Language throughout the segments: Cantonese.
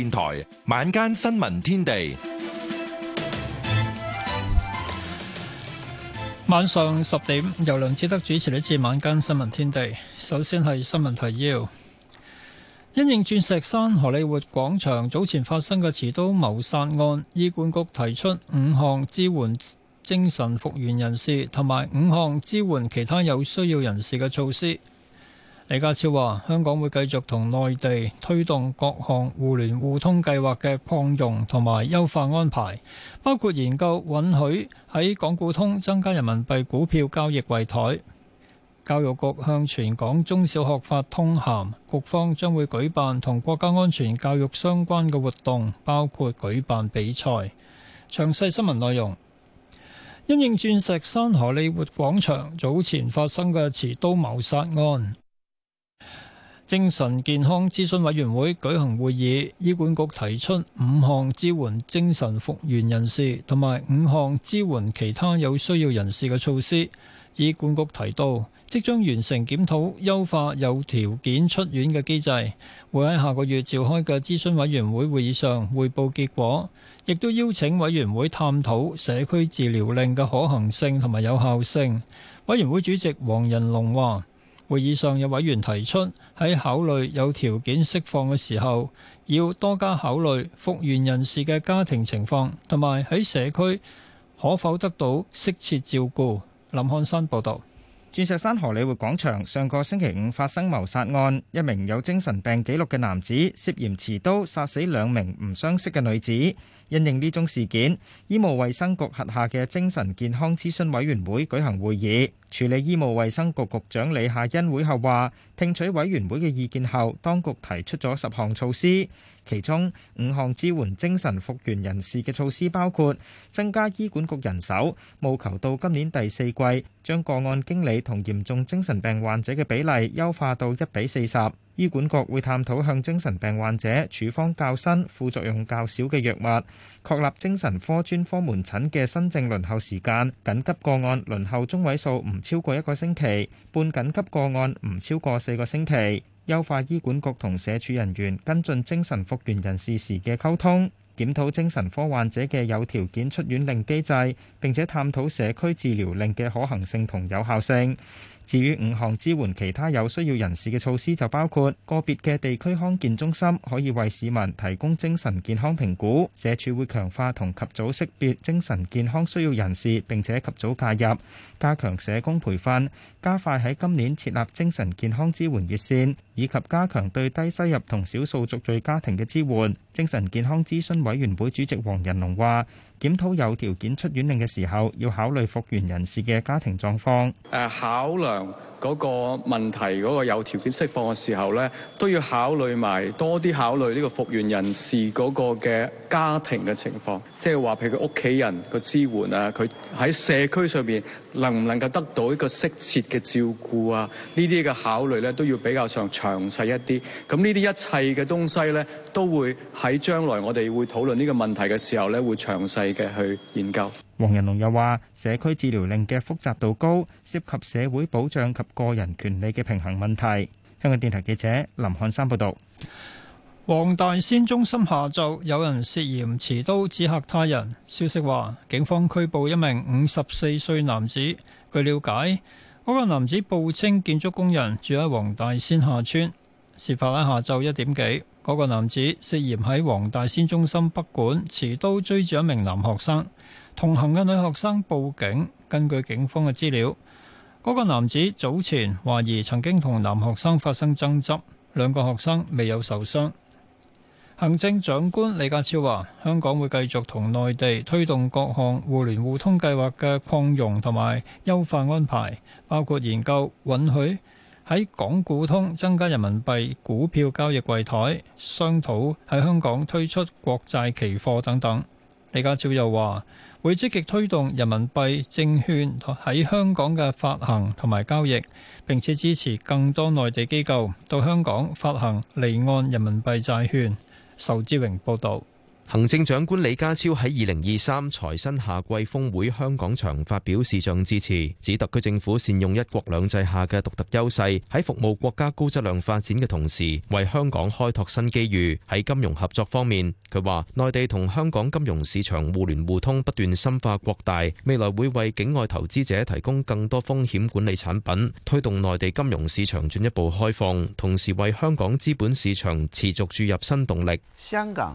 電台晚間新聞天地，晚上十點由梁志德主持呢次晚間新聞天地。首先係新聞提要：因應鑽石山荷里活廣場早前發生嘅持刀謀殺案，醫管局提出五項支援精神復原人士，同埋五項支援其他有需要人士嘅措施。李家超話：香港會繼續同內地推動各項互聯互通計劃嘅擴容同埋優化安排，包括研究允許喺港股通增加人民幣股票交易櫃台。教育局向全港中小學發通函，局方將會舉辦同國家安全教育相關嘅活動，包括舉辦比賽。詳細新聞內容，因應鑽石山荷里活廣場早前發生嘅持刀謀殺案。精神健康諮詢委員會舉行會議，醫管局提出五項支援精神復原人士同埋五項支援其他有需要人士嘅措施。醫管局提到，即將完成檢討優化有條件出院嘅機制，會喺下個月召開嘅諮詢委員會會議上匯報結果，亦都邀請委員會探討社區治療令嘅可行性同埋有效性。委員會主席黃仁龍話。會議上有委員提出，喺考慮有條件釋放嘅時候，要多加考慮復原人士嘅家庭情況，同埋喺社區可否得到適切照顧。林漢山報導。鑽石山荷里活廣場上個星期五發生謀殺案，一名有精神病記錄嘅男子涉嫌持刀殺死兩名唔相識嘅女子。因應呢宗事件，醫務衛生局轄下嘅精神健康諮詢委員會舉行會議，處理醫務衛生局局長李夏欣會後話，聽取委員會嘅意見後，當局提出咗十項措施。其中五項支援精神復原人士嘅措施，包括增加醫管局人手，務求到今年第四季將個案經理同嚴重精神病患者嘅比例優化到一比四十。醫管局會探討向精神病患者處方較新、副作用較少嘅藥物，確立精神科專科門診嘅新政輪候時間，緊急個案輪候中位數唔超過一個星期，半緊急個案唔超過四個星期。優化醫管局同社署人員跟進精神復原人士時嘅溝通，檢討精神科患者嘅有條件出院令機制，並且探討社區治療令嘅可行性同有效性。至於五項支援其他有需要人士嘅措施，就包括個別嘅地區康健中心可以為市民提供精神健康評估，社署會強化同及早識別精神健康需要人士，並且及早介入，加強社工培訓，加快喺今年設立精神健康支援熱線，以及加強對低收入同少數族裔家庭嘅支援。精神健康諮詢委員會主席黃仁龍話。檢討有條件出院令嘅時候，要考慮復原人士嘅家庭狀況。誒，考量嗰個問題嗰個有條件釋放嘅時候咧，都要考慮埋多啲考慮呢個復原人士嗰個嘅家庭嘅情況，即係話譬如佢屋企人個支援啊，佢喺社區上邊，能唔能夠得到一個適切嘅照顧啊？呢啲嘅考慮咧，都要比較上詳細一啲。咁呢啲一切嘅東西咧，都會喺將來我哋會討論呢個問題嘅時候咧，會詳細嘅去研究。黃仁龍又話：社區治療令嘅複雜度高，涉及社會保障及個人權利嘅平衡問題。香港電台記者林漢山報道。黃大仙中心下晝有人涉嫌持刀指吓他人。消息話，警方拘捕一名五十四歲男子。據了解，嗰個男子報稱建築工人，住喺黃大仙下村。事發喺下晝一點幾。嗰個男子涉嫌喺黃大仙中心北館持刀追住一名男學生，同行嘅女學生報警。根據警方嘅資料，嗰個男子早前懷疑曾經同男學生發生爭執，兩個學生未有受傷。行政長官李家超話：香港會繼續同內地推動各項互聯互通計劃嘅擴容同埋優化安排，包括研究允許喺港股通增加人民幣股票交易櫃台，商討喺香港推出國債期貨等等。李家超又話：會積極推動人民幣證券喺香港嘅發行同埋交易，並且支持更多內地機構到香港發行離岸人民幣債券。仇志榮報道。行政長官李家超喺二零二三財新夏季峰會香港場發表視像致辭，指特區政府善用一國兩制下嘅獨特優勢，喺服務國家高質量發展嘅同時，為香港開拓新機遇。喺金融合作方面，佢話內地同香港金融市場互聯互通不斷深化擴大，未來會為境外投資者提供更多風險管理產品，推動內地金融市場進一步開放，同時為香港資本市場持續注入新動力。香港。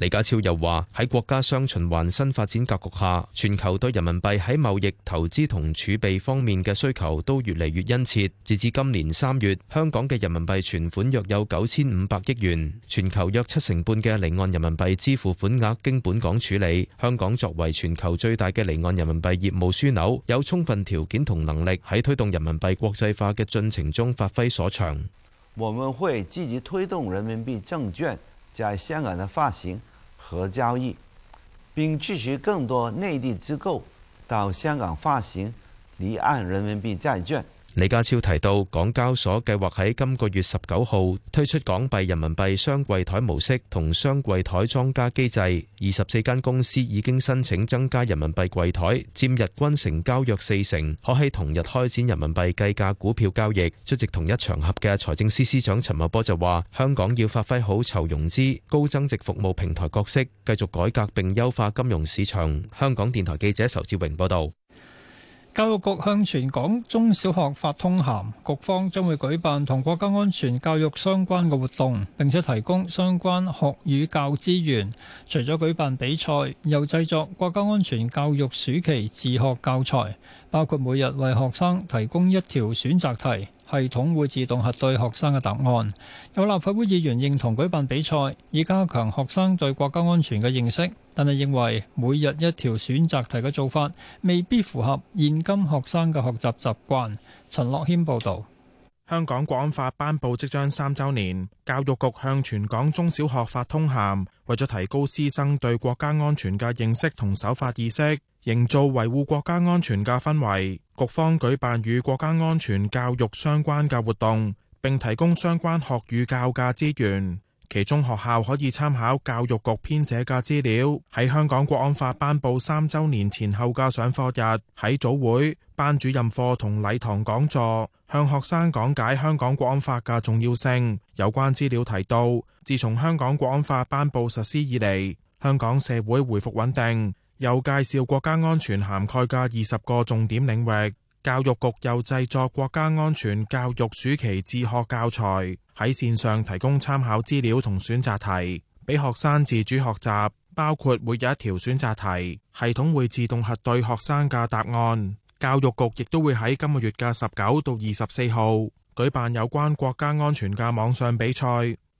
李家超又話：喺國家雙循環新發展格局下，全球對人民幣喺貿易、投資同儲備方面嘅需求都越嚟越殷切。截至今年三月，香港嘅人民幣存款約有九千五百億元，全球約七成半嘅離岸人民幣支付款額經本港處理。香港作為全球最大嘅離岸人民幣業務樞紐，有充分條件同能力喺推動人民幣國際化嘅進程中發揮所長。我們會積極推動人民幣證券在香港的發行和交易，並支持更多內地機構到香港發行離岸人民幣債券。李家超提到，港交所計劃喺今個月十九號推出港幣人民幣雙櫃檯模式同雙櫃檯莊家機制，二十四間公司已經申請增加人民幣櫃檯，佔日均成交約四成，可喺同日開展人民幣計價股票交易。出席同一場合嘅財政司司長陳茂波就話，香港要發揮好籌融資高增值服務平台角色，繼續改革並優化金融市場。香港電台記者仇志榮報道。教育局向全港中小學發通函，局方將會舉辦同國家安全教育相關嘅活動，並且提供相關學與教資源。除咗舉辦比賽，又製作國家安全教育暑期自學教材。包括每日為學生提供一條選擇題，系統會自動核對學生嘅答案。有立法會議員認同舉辦比賽，以加強學生對國家安全嘅認識，但係認為每日一條選擇題嘅做法未必符合現今學生嘅學習習慣。陳樂軒報導。香港《國安法》頒布即將三週年，教育局向全港中小學發通函，為咗提高師生對國家安全嘅認識同守法意識。營造維護國家安全嘅氛圍，局方舉辦與國家安全教育相關嘅活動，並提供相關學與教嘅資源。其中學校可以參考教育局編寫嘅資料，喺香港國安法頒布三週年前後嘅上課日，喺早會、班主任課同禮堂講座，向學生講解香港國安法嘅重要性。有關資料提到，自從香港國安法頒布實施以嚟，香港社會回復穩定。又介紹國家安全涵蓋嘅二十個重點領域，教育局又製作國家安全教育暑期自學教材，喺線上提供參考資料同選擇題俾學生自主學習，包括每日一條選擇題，系統會自動核對學生嘅答案。教育局亦都會喺今個月嘅十九到二十四號舉辦有關國家安全嘅網上比賽。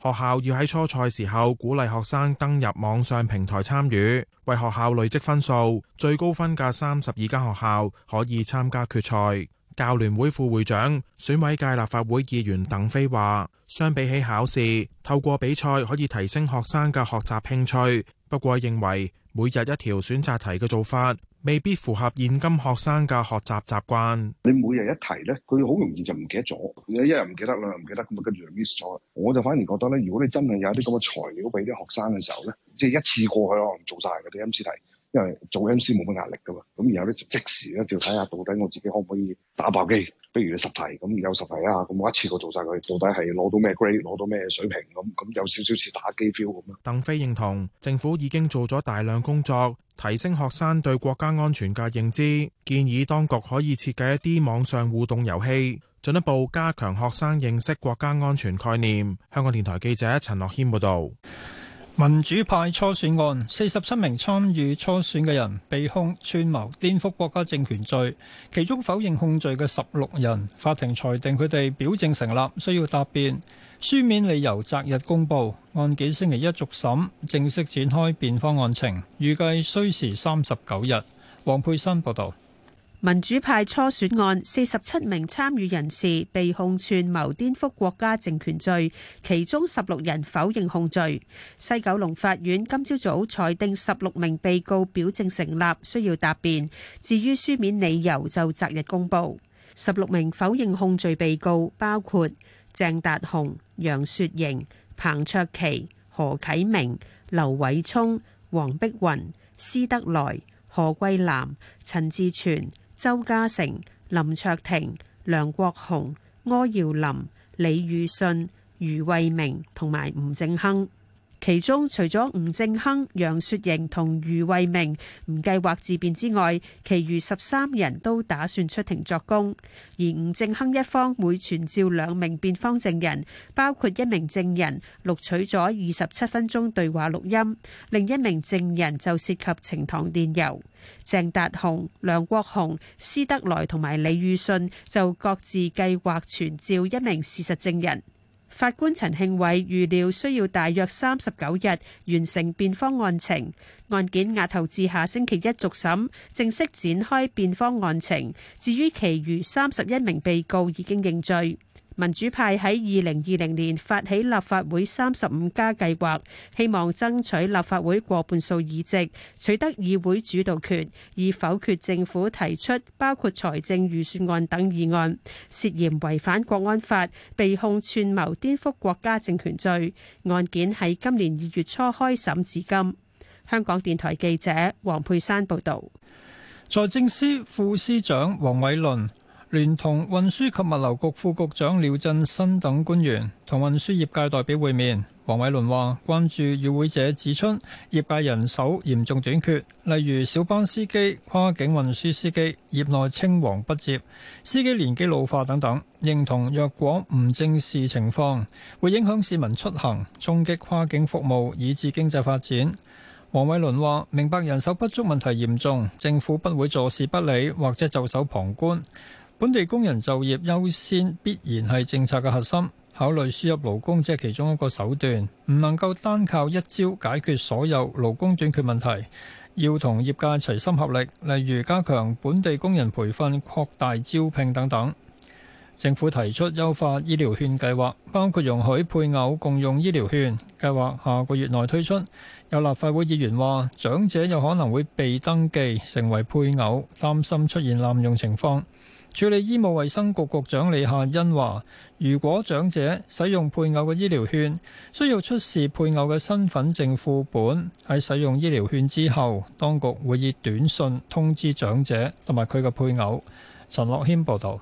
學校要喺初賽時候鼓勵學生登入網上平台參與，為學校累積分數。最高分嘅三十二間學校可以參加決賽。教聯會副會長、選委界立法會議員鄧飛話，相比起考試，透過比賽可以提升學生嘅學習興趣。不過認為每日一條選擇題嘅做法未必符合現今學生嘅學習習慣。你每日一題咧，佢好容易就唔記得咗。一日唔記得，兩日唔記得，咁啊跟住就 miss 咗。我就反而覺得咧，如果你真係有啲咁嘅材料俾啲學生嘅時候咧，即係一次過去可能做晒嗰啲 MC 題。因為做 M.C. 冇乜壓力噶嘛，咁然後呢，就即時呢，就睇下到底我自己可唔可以打爆機，比如你十題咁有十題啊，咁我一次過做晒佢，到底係攞到咩 grade，攞到咩水平咁，咁有少少似打機 feel 咁咯。鄧飛認同政府已經做咗大量工作，提升學生對國家安全嘅認知，建議當局可以設計一啲網上互動遊戲，進一步加強學生認識國家安全概念。香港電台記者陳樂謙報道。民主派初選案，四十七名參與初選嘅人被控串謀顛覆國家政權罪，其中否認控罪嘅十六人，法庭裁定佢哋表證成立，需要答辯，書面理由擇日公佈，案件星期一續審，正式展開辯方案情，預計需時三十九日。黃佩珊報道。民主派初選案，四十七名參與人士被控串謀顛覆國家政權罪，其中十六人否認控罪。西九龍法院今朝早裁定十六名被告表證成立，需要答辯。至於書面理由就擇日公佈。十六名否認控罪被告包括鄭達鴻、楊雪瑩、彭卓棋、何啟明、劉偉聰、黃碧雲、施德來、何桂藍、陳志全、鄒家成、林卓廷、梁國雄、柯耀林、李予信、余慧明同埋吳政亨。其中除咗吳正亨楊雪盈同余慧明唔計劃自辯之外，其餘十三人都打算出庭作供。而吳正亨一方會傳召兩名辯方證人，包括一名證人錄取咗二十七分鐘對話錄音，另一名證人就涉及呈堂電郵。鄭達雄、梁國雄、施德來同埋李宇信就各自計劃傳召一名事實證人。法官陳慶偉預料需要大約三十九日完成辯方案情，案件押後至下星期一續審，正式展開辯方案情。至於其餘三十一名被告已經認罪。民主派喺二零二零年發起立法會三十五加計劃，希望爭取立法會過半數議席，取得議會主導權，以否決政府提出包括財政預算案等議案。涉嫌違反國安法，被控串謀顛覆國家政權罪，案件喺今年二月初開審至今。香港電台記者黃佩珊報導。財政司副司長黃偉綸，聯同運輸及物流局副局長廖振新等官員同運輸業界代表會面。黃偉倫話：關注與會者指出，業界人手嚴重短缺，例如小巴司機、跨境運輸司機，業內青黃不接，司機年紀老化等等。認同若果唔正視情況，會影響市民出行，衝擊跨境服務，以至經濟發展。黃偉倫話：明白人手不足問題嚴重，政府不會坐視不理，或者袖手旁觀。本地工人就業優先必然係政策嘅核心，考慮輸入勞工即係其中一個手段，唔能夠單靠一招解決所有勞工短缺問題，要同業界齊心合力，例如加強本地工人培訓、擴大招聘等等。政府提出優化醫療券計劃，包括容許配偶共用醫療券計劃下個月內推出。有立法會議員話，長者有可能會被登記成為配偶，擔心出現濫用情況。處理醫務衛生局局長李夏茵話，如果長者使用配偶嘅醫療券，需要出示配偶嘅身份證副本。喺使用醫療券之後，當局會以短信通知長者同埋佢嘅配偶。陳樂謙報道，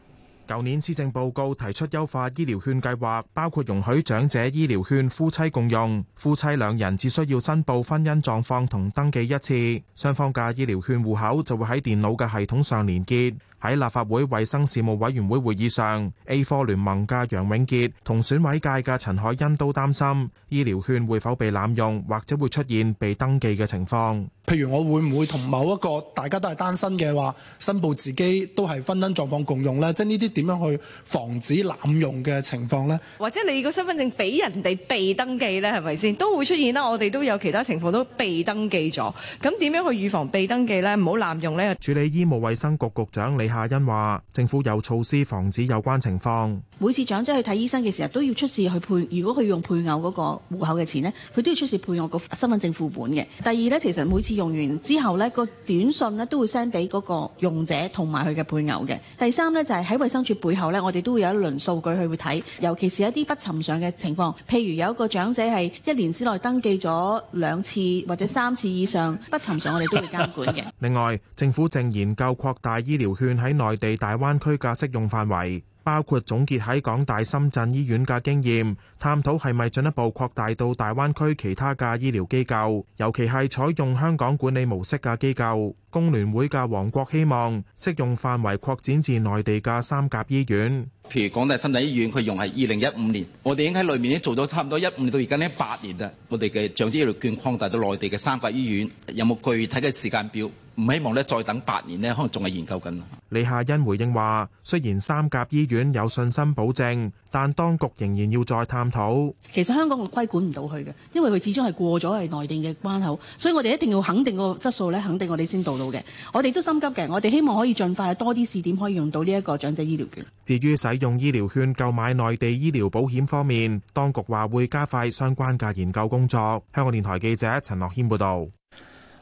舊年施政報告提出優化醫療券計劃，包括容許長者醫療券夫妻共用，夫妻兩人只需要申報婚姻狀況同登記一次，雙方嘅醫療券戶口就會喺電腦嘅系統上連結。喺立法會衛生事務委員會會議上，A4 聯盟嘅楊永杰同選委界嘅陳海欣都擔心醫療券會否被濫用，或者會出現被登記嘅情況。譬如我會唔會同某一個大家都係單身嘅話，申報自己都係婚姻狀況共用咧？即係呢啲點樣去防止濫用嘅情況咧？或者你個身份證俾人哋被登記咧，係咪先都會出現啦？我哋都有其他情況都被登記咗，咁點樣去預防被登記咧？唔好濫用咧。處理醫務衛生局局長李。亞欣話：政府有措施防止有關情況。每次長者去睇醫生嘅時候，都要出示去配。如果佢用配偶嗰個戶口嘅錢呢，佢都要出示配偶個身份證副本嘅。第二呢，其實每次用完之後呢個短信呢都會 send 俾嗰個用者同埋佢嘅配偶嘅。第三呢，就係喺衞生署背後呢，我哋都會有一輪數據去會睇，尤其是一啲不尋常嘅情況，譬如有一個長者係一年之內登記咗兩次或者三次以上不尋常，我哋都會監管嘅。 另外，政府正研究擴大醫療券。喺內地大灣區嘅適用範圍，包括總結喺港大深圳醫院嘅經驗，探討係咪進一步擴大到大灣區其他嘅醫療機構，尤其係採用香港管理模式嘅機構。工聯會嘅黃國希望適用範圍擴展至內地嘅三甲醫院。譬如港大深圳醫院佢用係二零一五年，我哋已經喺裏面咧做咗差唔多一五年到而家呢八年啦。我哋嘅長者醫療券擴大到內地嘅三甲醫院，有冇具體嘅時間表？唔希望咧再等八年呢，可能仲係研究緊。李夏茵回應話：雖然三甲醫院有信心保證。但當局仍然要再探討。其實香港個規管唔到佢嘅，因為佢始終係過咗係內地嘅關口，所以我哋一定要肯定個質素咧，肯定我哋先到到嘅。我哋都心急嘅，我哋希望可以盡快多啲試點可以用到呢一個長者醫療券。至於使用醫療券購買內地醫療保險方面，當局話會加快相關嘅研究工作。香港電台記者陳樂軒報導。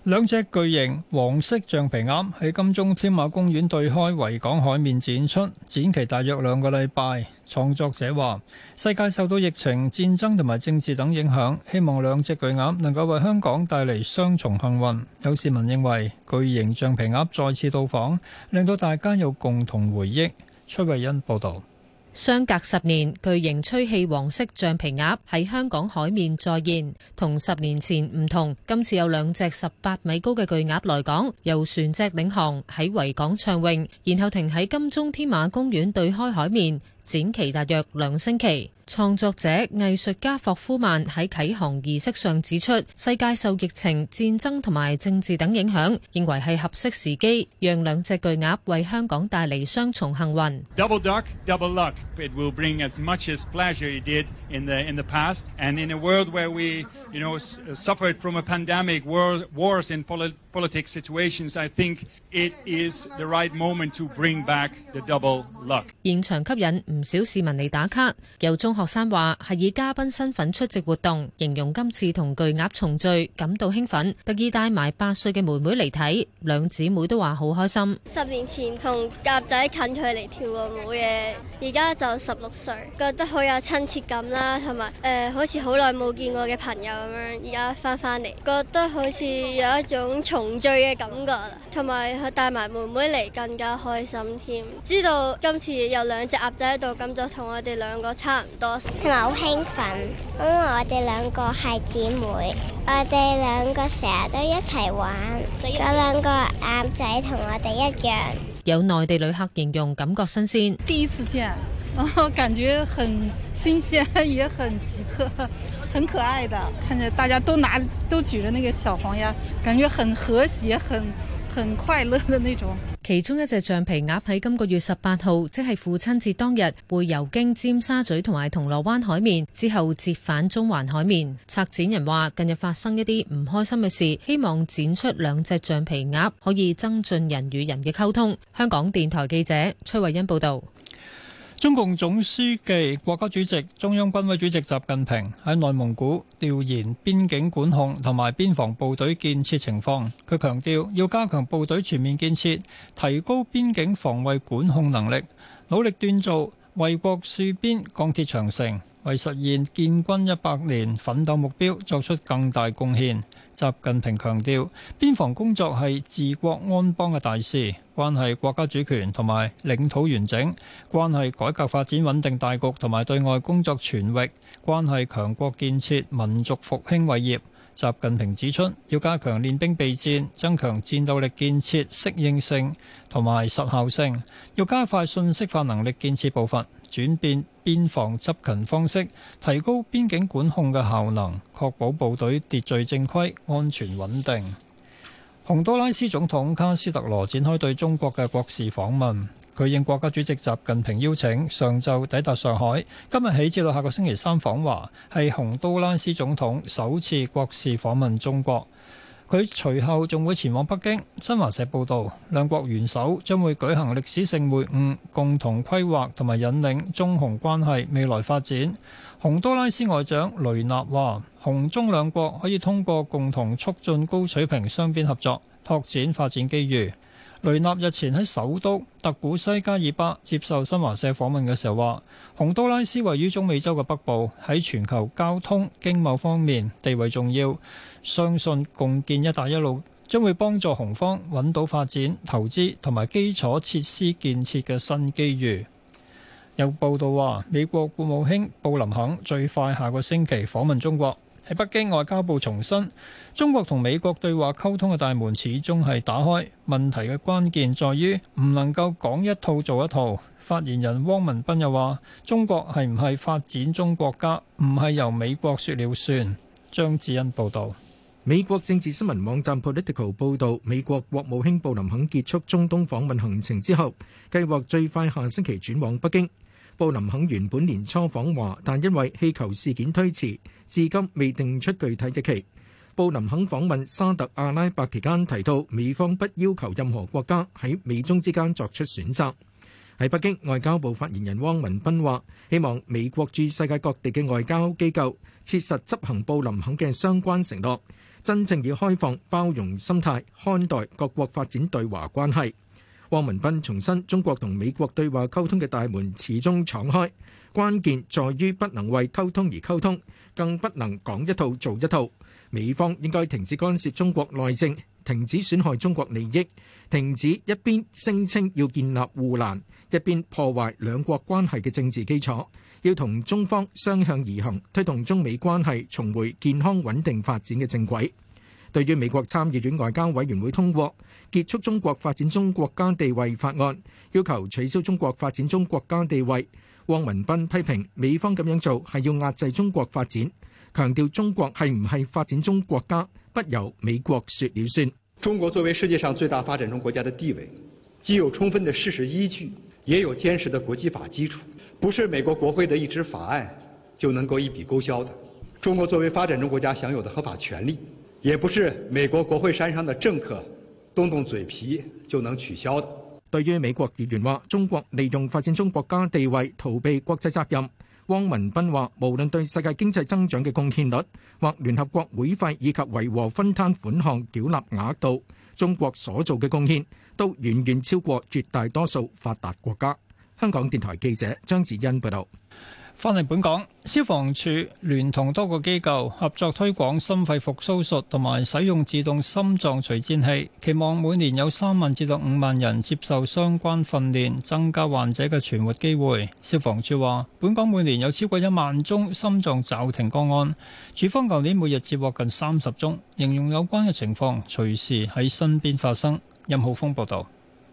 兩隻巨型黃色橡皮鴨喺金鐘添馬公園對開維港海面展出，展期大約兩個禮拜。創作者話：世界受到疫情、戰爭同埋政治等影響，希望兩隻巨鴨能夠為香港帶嚟雙重幸運。有市民認為，巨型橡皮鴨再次到訪，令到大家有共同回憶。崔慧欣報道。相隔十年，巨型吹氣黃色橡皮鴨喺香港海面再現，同十年前唔同，今次有兩隻十八米高嘅巨鴨來港，由船隻領航喺維港暢泳，然後停喺金鐘添馬公園對開海面，展期大約兩星期。創作者藝術家霍夫曼喺啟航儀式上指出，世界受疫情戰爭同埋政治等影響，認為係合適時機讓兩隻巨鴨為香港帶嚟雙重幸運。現場吸引唔少市民嚟打卡，由中學生話係以嘉賓身份出席活動，形容今次同巨鴨重聚感到興奮，特意帶埋八歲嘅妹妹嚟睇，兩姊妹都話好開心。十年前同鴨仔近距離跳、呃、過舞嘅，而家就十六歲，覺得好有親切感啦，同埋誒好似好耐冇見過嘅朋友咁樣，而家翻翻嚟，覺得好似有一種重聚嘅感覺，同埋佢帶埋妹妹嚟更加開心添。知道今次有兩隻鴨仔喺度，咁就同我哋兩個差唔多。同埋好興奮，因為我哋兩個係姊妹，我哋兩個成日都一齊玩。嗰兩個鴨仔同我哋一樣。有內地旅客形容感覺新鮮。第一次見，我感覺很新鮮，也很奇特，很可愛的。看着大家都拿都舉着那個小黃鴨，感覺很和諧，很。很快樂的那種。其中一隻橡皮鴨喺今個月十八號，即係父親節當日，會游經尖沙咀同埋銅鑼灣海面，之後折返中環海面。策展人話：近日發生一啲唔開心嘅事，希望展出兩隻橡皮鴨可以增進人與人嘅溝通。香港電台記者崔慧欣報道。中共總書記、國家主席、中央軍委主席習近平喺內蒙古調研邊境管控同埋邊防部隊建設情況。佢強調要加強部隊全面建設，提高邊境防衛管控能力，努力鍛造衛國戍邊鋼鐵長城，為實現建軍一百年奮鬥目標作出更大貢獻。習近平強調，邊防工作係治國安邦嘅大事，關係國家主權同埋領土完整，關係改革發展穩定大局同埋對外工作全域，關係強國建設、民族復興偉業。習近平指出，要加強練兵備戰，增強戰鬥力建設適應性同埋實效性；要加快信息化能力建設步伐，轉變邊防執勤方式，提高邊境管控嘅效能，確保部隊秩序正規、安全穩定。洪都拉斯總統卡斯特羅展開對中國嘅國事訪問。佢應國家主席習近平邀請，上晝抵達上海，今日起至到下個星期三訪華，係洪都拉斯總統首次國事訪問中國。佢隨後仲會前往北京。新華社報導，兩國元首將會舉行歷史性會晤，共同規劃同埋引領中洪關係未來發展。洪都拉斯外長雷納話，洪中兩國可以通過共同促進高水平雙邊合作，拓展發展機遇。雷納日前喺首都特古西加爾巴接受新華社訪問嘅時候話，洪都拉斯位於中美洲嘅北部，喺全球交通經貿方面地位重要。相信共建“一帶一路”將會幫助洪方揾到發展、投資同埋基礎設施建設嘅新機遇。有報道話，美國國務卿布林肯最快下個星期訪問中國。喺北京，外交部重申，中國同美國對話溝通嘅大門始終係打開。問題嘅關鍵在於唔能夠講一套做一套。發言人汪文斌又話，中國係唔係發展中國家，唔係由美國說了算。張智恩報道。美國政治新聞網站 Political 報道，美國國務卿布林肯結束中東訪問行程之後，計劃最快下星期轉往北京。布林肯原本年初訪華，但因為氣球事件推遲。至今未定出具體日期。布林肯訪問沙特阿拉伯期間提到，美方不要求任何國家喺美中之間作出選擇。喺北京，外交部發言人汪文斌話：希望美國駐世界各地嘅外交機構切實執行布林肯嘅相關承諾，真正以開放包容心態看待各國發展對華關係。汪文斌重申，中國同美國對話溝通嘅大門始終敞開。關鍵在於不能為溝通而溝通，更不能講一套做一套。美方應該停止干涉中國內政，停止損害中國利益，停止一邊聲稱要建立護欄，一邊破壞兩國關係嘅政治基礎。要同中方相向而行，推動中美關係重回健康穩定發展嘅正軌。對於美國參議院外交委員會通過結束中國發展中國家地位法案，要求取消中國發展中國家地位。汪文斌批評美方咁樣做係要壓制中國發展，強調中國係唔係發展中國家，不由美國説了算。中國作為世界上最大發展中國家的地位，既有充分的事實依據，也有堅實的國際法基礎，不是美國國會的一紙法案就能夠一筆勾銷的。中國作為發展中國家享有的合法權利，也不是美國國會山上的政客動動嘴皮就能取消的。對於美國議員話中國利用發展中國家地位逃避國際責任，汪文斌話：無論對世界經濟增長嘅貢獻率，或聯合國會費以及維和分攤款項繳納額度，中國所做嘅貢獻都遠遠超過絕大多數發達國家。香港電台記者張子欣報道。翻嚟本港，消防處聯同多個機構合作推廣心肺復甦術同埋使用自動心臟除顫器，期望每年有三萬至到五萬人接受相關訓練，增加患者嘅存活機會。消防處話，本港每年有超過一萬宗心臟驟停個案，處方舊年每日接獲近三十宗，形容有關嘅情況隨時喺身邊發生。任浩峰報導。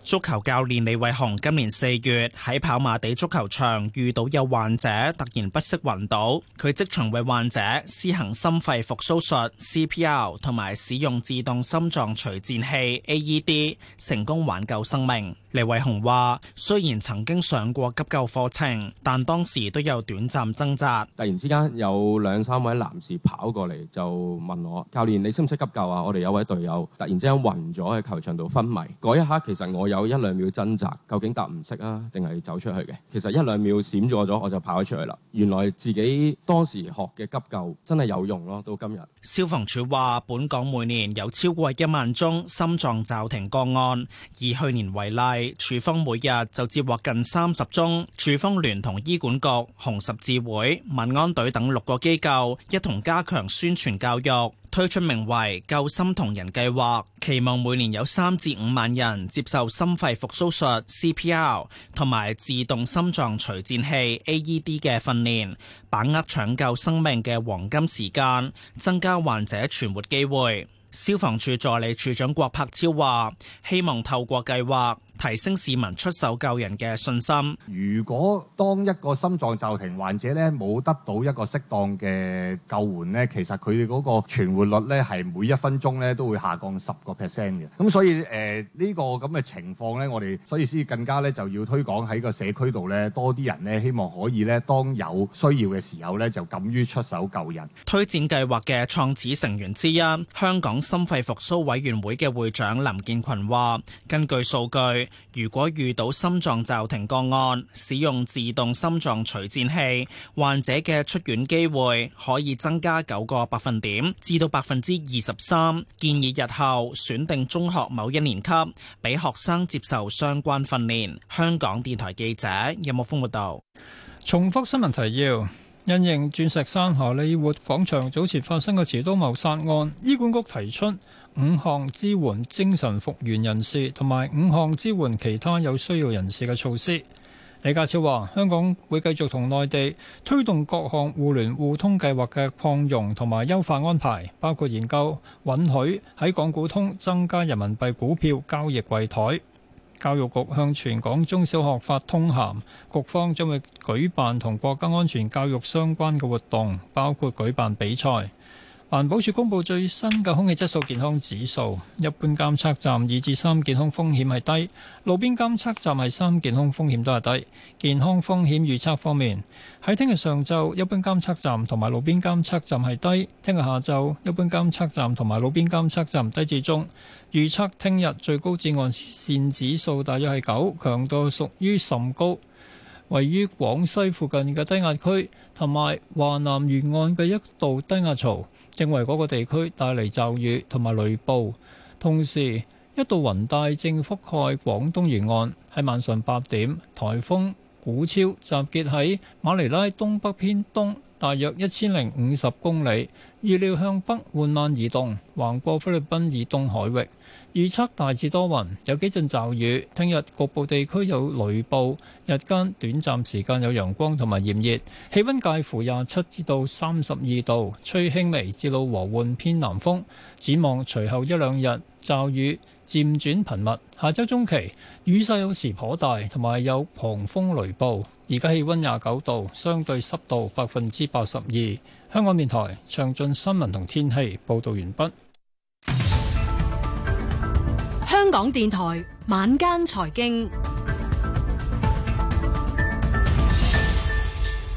足球教練李偉雄今年四月喺跑馬地足球場遇到有患者突然不適暈倒，佢即場為患者施行心肺復甦術 （CPR） 同埋使用自動心臟除顫器 （AED），成功挽救生命。黎偉雄話：雖然曾經上過急救課程，但當時都有短暫掙扎。突然之間有兩三位男士跑過嚟就問我：教練，你識唔識急救啊？我哋有位隊友突然之間暈咗喺球場度昏迷。嗰一刻其實我有一兩秒掙扎，究竟答唔識啊，定係走出去嘅？其實一兩秒閃咗咗，我就跑咗出去啦。原來自己當時學嘅急救真係有用咯，到今日。消防處話，本港每年有超過一萬宗心臟驟停個案，以去年為例。處方每日就接獲近三十宗。處方，聯同醫管局、紅十字會、民安隊等六個機構一同加強宣傳教育，推出名為《救心同人》計劃，期望每年有三至五萬人接受心肺復蘇術 （CPR） 同埋自動心臟除顫器 （AED） 嘅訓練，把握搶救生命嘅黃金時間，增加患者存活機會。消防處助理處長郭柏超話，希望透過計劃。提升市民出手救人嘅信心。如果當一個心臟驟停患者咧冇得到一個適當嘅救援咧，其實佢嗰個存活率咧係每一分鐘咧都會下降十個 percent 嘅。咁所以誒呢個咁嘅情況咧，我哋所以先更加咧就要推廣喺個社區度咧多啲人咧，希望可以咧當有需要嘅時候咧就敢於出手救人。推薦計劃嘅創始成員之一，香港心肺復甦委員會嘅會長林建群話，根據數據。如果遇到心臟驟停個案，使用自動心臟除顫器，患者嘅出院機會可以增加九個百分點，至到百分之二十三。建議日後選定中學某一年級，俾學生接受相關訓練。香港電台記者任木峰報道。重複新聞提要：因應鑽石山荷里活廣場早前發生嘅持刀謀殺案，醫管局提出。五項支援精神復原人士同埋五項支援其他有需要人士嘅措施。李家超話：香港會繼續同內地推動各項互聯互通計劃嘅擴容同埋優化安排，包括研究允許喺港股通增加人民幣股票交易櫃台。教育局向全港中小學發通函，局方將會舉辦同國家安全教育相關嘅活動，包括舉辦比賽。環保署公布最新嘅空氣質素健康指數，一般監測站二至三健康風險係低，路邊監測站係三健康風險都係低。健康風險預測方面，喺聽日上晝一般監測站同埋路邊監測站係低，聽日下晝一般監測站同埋路邊監測站低至中。預測聽日最高紫外線指數大約係九，強度屬於甚高。位於廣西附近嘅低壓區，同埋華南沿岸嘅一道低壓槽，正為嗰個地區帶嚟驟雨同埋雷暴。同時，一道雲帶正覆蓋廣東沿岸。喺晚上八點，颱風古超集結喺馬尼拉東北偏東。大約一千零五十公里，預料向北緩慢移動，橫過菲律賓以東海域。預測大致多雲，有幾陣驟雨。聽日局部地區有雷暴，日間短暫時間有陽光同埋炎熱，氣温介乎廿七至到三十二度，吹輕微至老和緩偏南風。展望隨後一兩日驟雨漸轉頻密，下週中期雨勢有時頗大，同埋有狂風雷暴。而家氣溫廿九度，相對濕度百分之八十二。香港電台詳盡新聞同天氣報道完畢。香港電台晚間財經，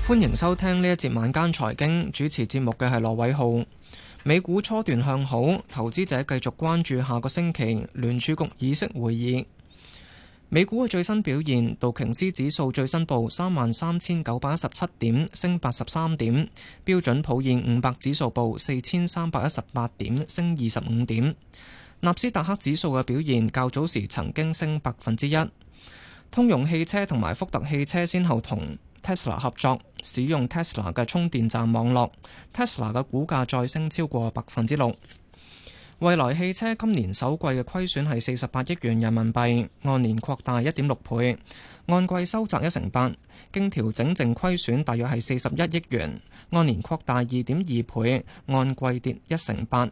歡迎收聽呢一節晚間財經。主持節目嘅係羅偉浩。美股初段向好，投資者繼續關注下個星期，聯儲局議息會議。美股嘅最新表現，道瓊斯指數最新報三萬三千九百一十七點升八十三點，標準普爾五百指數報四千三百一十八點升二十五點，納斯達克指數嘅表現較早時曾經升百分之一。通用汽車同埋福特汽車先後同 Tesla 合作，使用 Tesla 嘅充電站網絡，Tesla 嘅股價再升超過百分之六。蔚來汽車今年首季嘅虧損係四十八億元人民幣，按年擴大一點六倍，按季收窄一成八，經調整淨虧損大約係四十一億元，按年擴大二點二倍，按季跌一成八。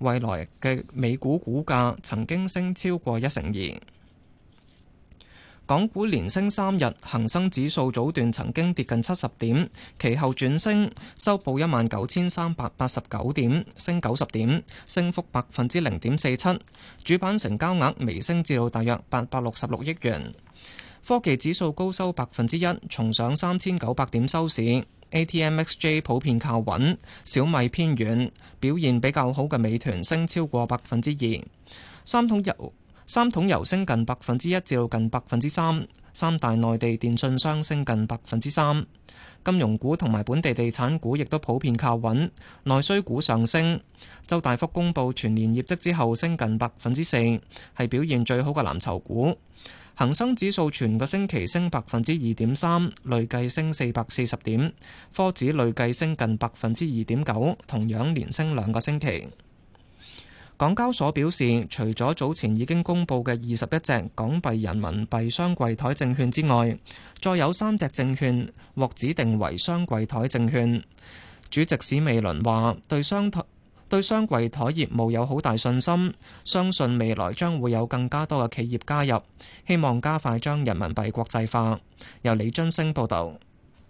蔚來嘅美股股價曾經升超過一成二。港股連升三日，恒生指數早段曾經跌近七十點，其後轉升，收報一萬九千三百八十九點，升九十點，升幅百分之零點四七。主板成交額微升至到大約八百六十六億元。科技指數高收百分之一，重上三千九百點收市。ATMXJ 普遍靠穩，小米偏軟，表現比較好嘅美團升超過百分之二。三桶油三桶油升近百分之一至到近百分之三，三大內地電訊商升近百分之三，金融股同埋本地地產股亦都普遍靠穩，內需股上升。周大福公布全年業績之後，升近百分之四，係表現最好嘅藍籌股。恒生指數全個星期升百分之二點三，累計升四百四十點，科指累計升近百分之二點九，同樣連升兩個星期。港交所表示，除咗早前已經公布嘅二十一隻港幣人民幣雙櫃台證券之外，再有三隻證券獲指定為雙櫃台證券。主席史美倫話，對雙台對雙櫃台業務有好大信心，相信未來將會有更加多嘅企業加入，希望加快將人民幣國際化。由李津升報道。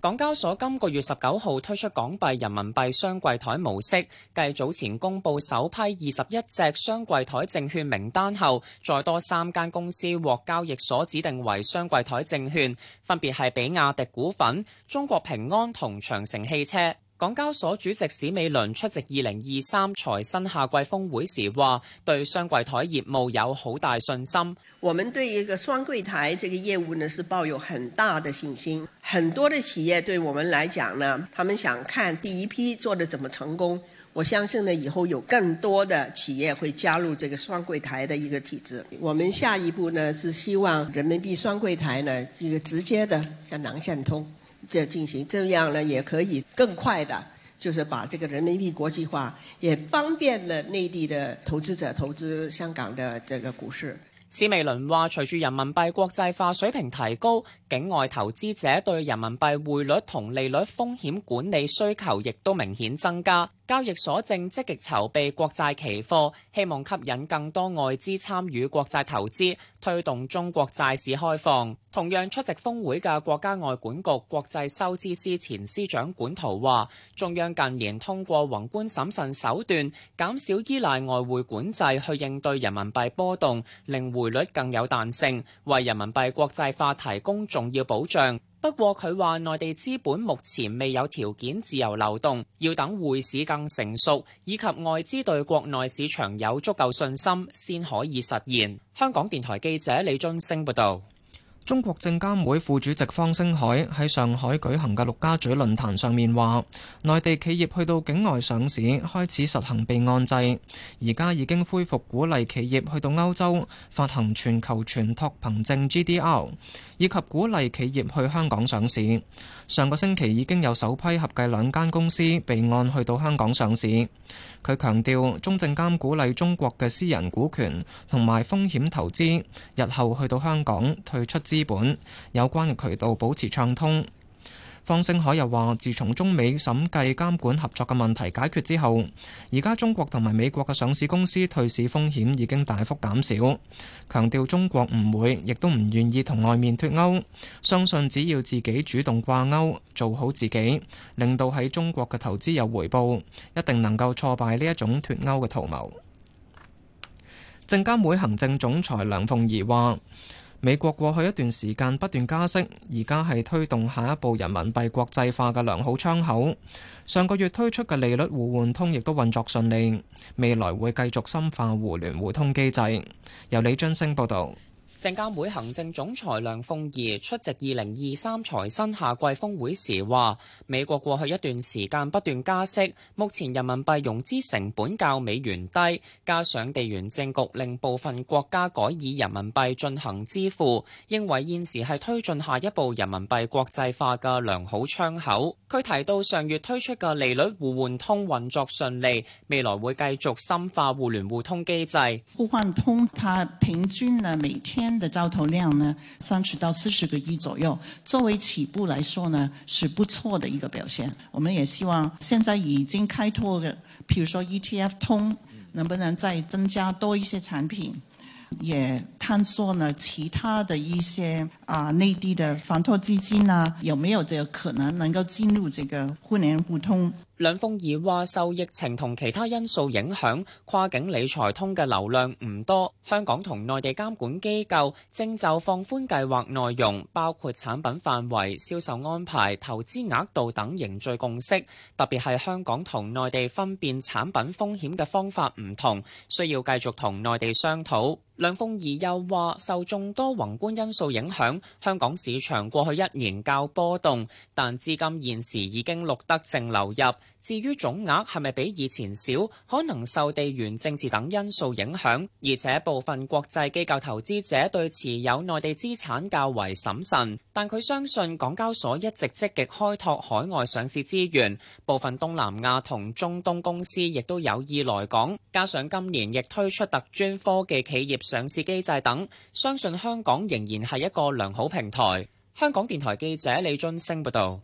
港交所今個月十九號推出港幣人民幣雙櫃台模式，繼早前公佈首批二十一隻雙櫃台證券名單後，再多三間公司獲交易所指定為雙櫃台證券，分別係比亞迪股份、中國平安同長城汽車。港交所主席史美倫出席二零二三財新夏季峰會時話，對雙櫃台業務有好大信心。我們對一個雙櫃台這個業務呢，是抱有很大的信心。很多的企業對我們來講呢，他們想看第一批做得怎麼成功。我相信呢，以後有更多的企業會加入這個雙櫃台的一個體制。我們下一步呢，是希望人民幣雙櫃台呢，一個直接的向南向通。就進行，這樣呢也可以更快的，就是把這個人民幣國際化，也方便了內地的投資者投資香港的這個股市。史美倫話，隨住人民幣國際化水平提高，境外投資者對人民幣匯率同利率風險管理需求亦都明顯增加。交易所正積極籌備國債期貨，希望吸引更多外資參與國債投資，推動中國債市開放。同樣出席峰會嘅國家外管局國際收支司前司長管濤話：中央近年通過宏觀審慎手段，減少依賴外匯管制去應對人民幣波動，令匯率更有彈性，為人民幣國際化提供重要保障。不過，佢話內地資本目前未有條件自由流動，要等匯市更成熟，以及外資對國內市場有足夠信心，先可以實現。香港電台記者李俊升報導。中國證監會副主席方星海喺上海舉行嘅陸家嘴論壇上面話，內地企業去到境外上市開始實行備案制，而家已經恢復鼓勵企業去到歐洲發行全球存托憑證 GDR，以及鼓勵企業去香港上市。上個星期已經有首批合計兩間公司備案去到香港上市。佢強調，中證監鼓勵中國嘅私人股權同埋風險投資，日後去到香港退出。資本有關嘅渠道保持暢通。方星海又話：自從中美審計監管合作嘅問題解決之後，而家中國同埋美國嘅上市公司退市風險已經大幅減少。強調中國唔會，亦都唔願意同外面脫鉤。相信只要自己主動掛鉤，做好自己，令到喺中國嘅投資有回報，一定能夠挫敗呢一種脫鉤嘅圖謀。證監會行政總裁梁鳳儀話。美國過去一段時間不斷加息，而家係推動下一步人民幣國際化嘅良好窗口。上個月推出嘅利率互換通亦都運作順利，未來會繼續深化互聯互通機制。由李津升報導。證監會行政總裁梁鳳儀出席二零二三財新夏季峰會時話，美國過去一段時間不斷加息，目前人民幣融資成本較美元低，加上地緣政局令部分國家改以人民幣進行支付，認為現時係推進下一步人民幣國際化嘅良好窗口。佢提到上月推出嘅利率互換通運作順利，未來會繼續深化互聯互通機制。互換通，佢平均啊每天。的交投量呢，三十到四十個億左右，作為起步來說呢，是不錯的一個表現。我們也希望，現在已經開拓的，譬如說 ETF 通，能不能再增加多一些產品，也探索呢其他的一些啊、呃、內地的房託基金呢、啊，有沒有這個可能能夠進入這個互聯互通？梁鳳儀話：受疫情同其他因素影響，跨境理財通嘅流量唔多。香港同內地監管機構正就放寬計劃內容，包括產品範圍、銷售安排、投資額度等凝聚共識。特別係香港同內地分辨產品風險嘅方法唔同，需要繼續同內地商討。梁鳳儀又話：受眾多宏觀因素影響，香港市場過去一年較波動，但至今現時已經錄得淨流入。至於總額係咪比以前少，可能受地緣政治等因素影響，而且部分國際機構投資者對持有內地資產較為審慎。但佢相信港交所一直積極開拓海外上市資源，部分東南亞同中東公司亦都有意來港，加上今年亦推出特專科技企業上市機制等，相信香港仍然係一個良好平台。香港電台記者李俊升報道。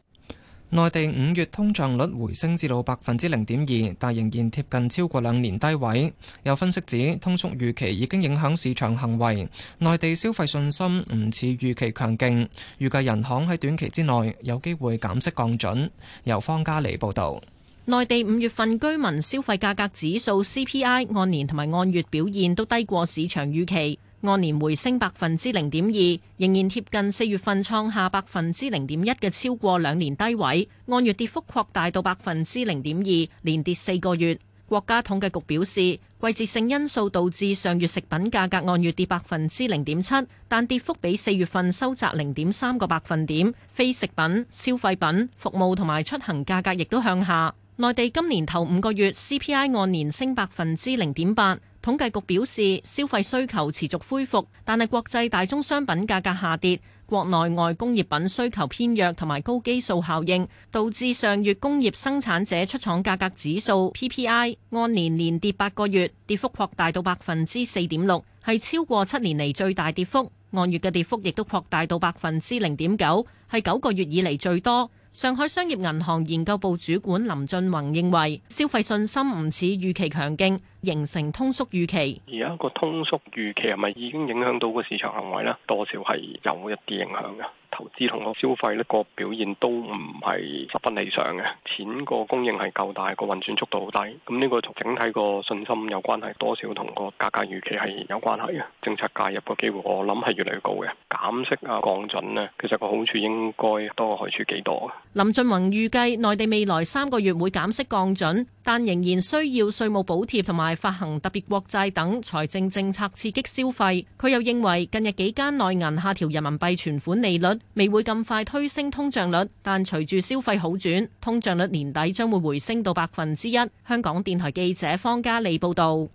內地五月通脹率回升至到百分之零點二，但仍然貼近超過兩年低位。有分析指，通縮預期已經影響市場行為，內地消費信心唔似預期強勁。預計人行喺短期之內有機會減息降準。由方家莉報道，內地五月份居民消費價格指數 CPI 按年同埋按月表現都低過市場預期。按年回升百分之零點二，仍然貼近四月份創下百分之零點一嘅超過兩年低位。按月跌幅擴大到百分之零點二，連跌四個月。國家統計局表示，季節性因素導致上月食品價格按月跌百分之零點七，但跌幅比四月份收窄零點三個百分點。非食品、消費品、服務同埋出行價格亦都向下。內地今年頭五個月 CPI 按年升百分之零點八。統計局表示，消費需求持續恢復，但係國際大宗商品價格下跌，國內外工業品需求偏弱，同埋高基數效應導致上月工業生產者出廠價格指數 PPI 按年連跌八個月，跌幅擴大到百分之四點六，係超過七年嚟，最大跌幅。按月嘅跌幅亦都擴大到百分之零點九，係九個月以嚟最多。上海商業銀行研究部主管林俊宏認為消費信心唔似預期強勁，形成通縮預期，而家個通縮預期係咪已經影響到個市場行為咧？多少係有一啲影響嘅。投資同個消費呢個表現都唔係十分理想嘅，錢個供應係夠大，個運轉速度好低。咁呢個同整體個信心有關係，多少同個價格預期係有關係嘅。政策介入個機會，我諗係越嚟越高嘅。減息啊，降準咧，其實個好處應該多過害處幾多啊？林俊宏預計內地未來三個月會減息降準。但仍然需要稅務補貼同埋發行特別國債等財政政策刺激消費。佢又認為近日幾間內銀下調人民幣存款利率，未會咁快推升通脹率。但隨住消費好轉，通脹率年底將會回升到百分之一。香港電台記者方嘉利報道。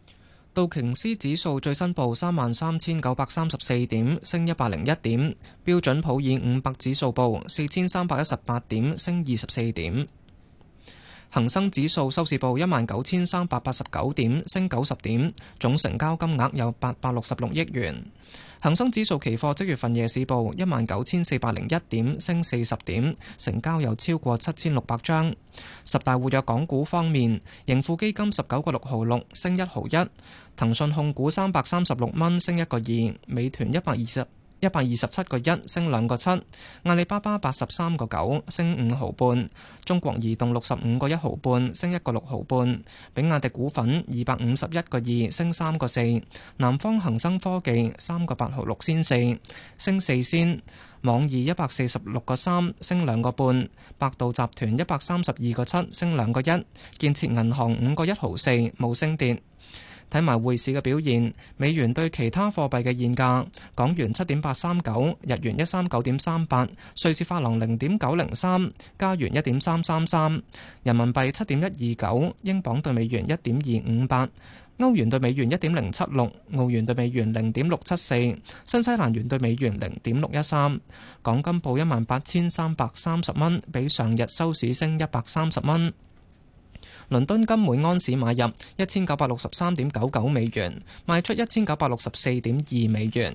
道瓊斯指數最新報三萬三千九百三十四點，升一百零一點。標準普爾五百指數報四千三百一十八點，升二十四點。恒生指數收市報一萬九千三百八十九點，升九十點，總成交金額有八百六十六億元。恒生指數期貨即月份夜市報一萬九千四百零一點，升四十點，成交有超過七千六百張。十大活躍港股方面，盈富基金十九個六毫六升一毫一，騰訊控股三百三十六蚊升一個二，美團一百二十。一百二十七個一升兩個七，阿里巴巴八十三個九升五毫半，中國移動六十五個一毫半升一個六毫半，比亞迪股份二百五十一個二升三個四，南方恒生科技三個八毫六仙四升四仙，網易一百四十六個三升兩個半，百度集團一百三十二個七升兩個一，建設銀行五個一毫四冇升跌。睇埋匯市嘅表現，美元對其他貨幣嘅現價：港元七點八三九，日元一三九點三八，瑞士法郎零點九零三，加元一點三三三，人民幣七點一二九，英鎊對美元一點二五八，歐元對美元一點零七六，澳元對美元零點六七四，新西蘭元對美元零點六一三。港金報一萬八千三百三十蚊，比上日收市升一百三十蚊。倫敦金每安士買入一千九百六十三點九九美元，賣出一千九百六十四點二美元。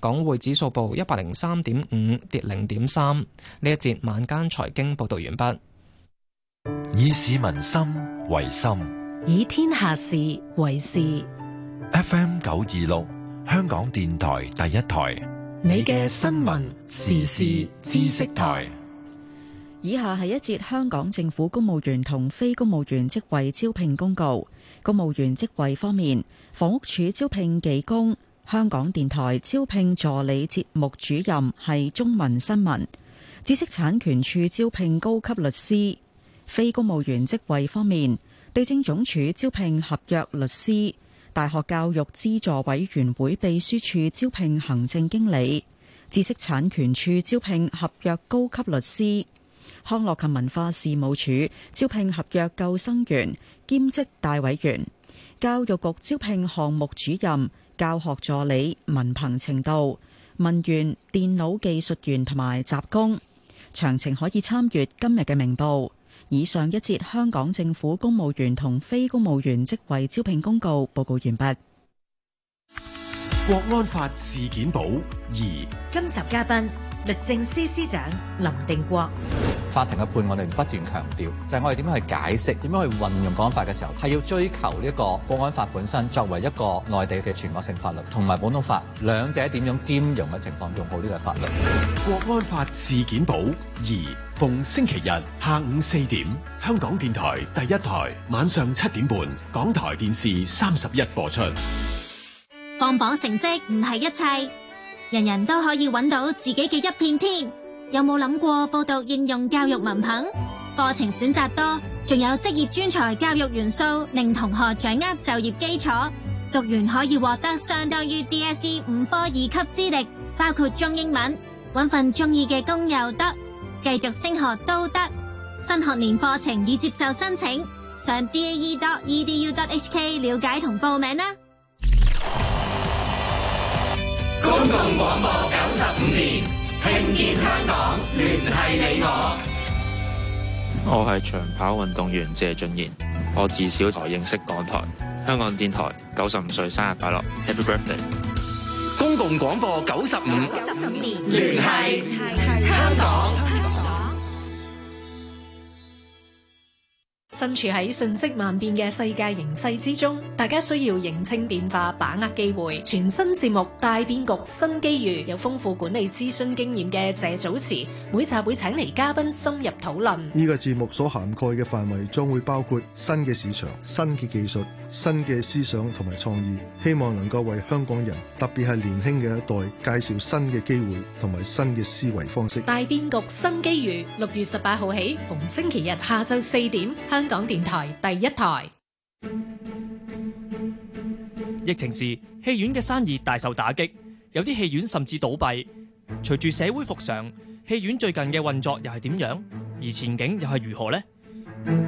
港匯指數報一百零三點五，跌零點三。呢一節晚間財經報道完畢。以市民心為心，以天下事為事。FM 九二六，香港電台第一台，你嘅新聞時事知識台。以下係一節香港政府公務員同非公務員職位招聘公告。公務員職位方面，房屋署招聘技工；香港電台招聘助理節目主任係中文新聞；知識產權署招聘高級律師。非公務員職位方面，地政總署招聘合約律師；大學教育資助委員會秘書處招聘行政經理；知識產權署招聘合約高級律師。康樂及文化事務署招聘合約救生員、兼職大委員；教育局招聘項目主任、教學助理、文憑程度文員、電腦技術員同埋雜工。詳情可以參閱今日嘅明報。以上一節香港政府公務員同非公務員職位招聘公告。報告完畢。國安法事件簿二。今集嘉賓。律政司司長林定國，法庭嘅判案我哋不斷強調，就係、是、我哋點樣去解釋、點樣去運用國安法嘅時候，係要追求呢一個國安法本身作為一個內地嘅全國性法律，同埋普通法兩者點樣兼容嘅情況，用好呢個法律。國安法事件簿二，逢星期日下午四點，香港電台第一台晚上七點半，港台電視三十一播出。放榜成績唔係一切。人人都可以揾到自己嘅一片天，有冇諗過報讀應用教育文憑？課程選擇多，仲有職業專才教育元素，令同學掌握就業基礎。讀完可以獲得相當於 DSE 五科二級資歷，包括中英文，揾份中意嘅工又得，繼續升學都得。新學年課程已接受申請，上 dae.edu.hk 了解同報名啦。公共廣播九十五年，聽見香港，聯繫你我。我係長跑運動員謝晉賢，我自小就認識港台，香港電台九十五歲生日快樂，Happy Birthday！公共廣播九十五年，聯繫香港。身處喺瞬息萬變嘅世界形勢之中，大家需要認清變化，把握機會。全新節目大變局，新機遇，有豐富管理諮詢經驗嘅謝祖慈，每集會請嚟嘉賓深入討論。呢個節目所涵蓋嘅範圍將會包括新嘅市場、新嘅技術。新嘅思想同埋創意，希望能夠為香港人，特別係年輕嘅一代介紹新嘅機會同埋新嘅思維方式。大變局、新機遇，六月十八號起，逢星期日，下晝四點，香港電台第一台。疫情時，戲院嘅生意大受打擊，有啲戲院甚至倒閉。隨住社會復常，戲院最近嘅運作又係點樣？而前景又係如何呢？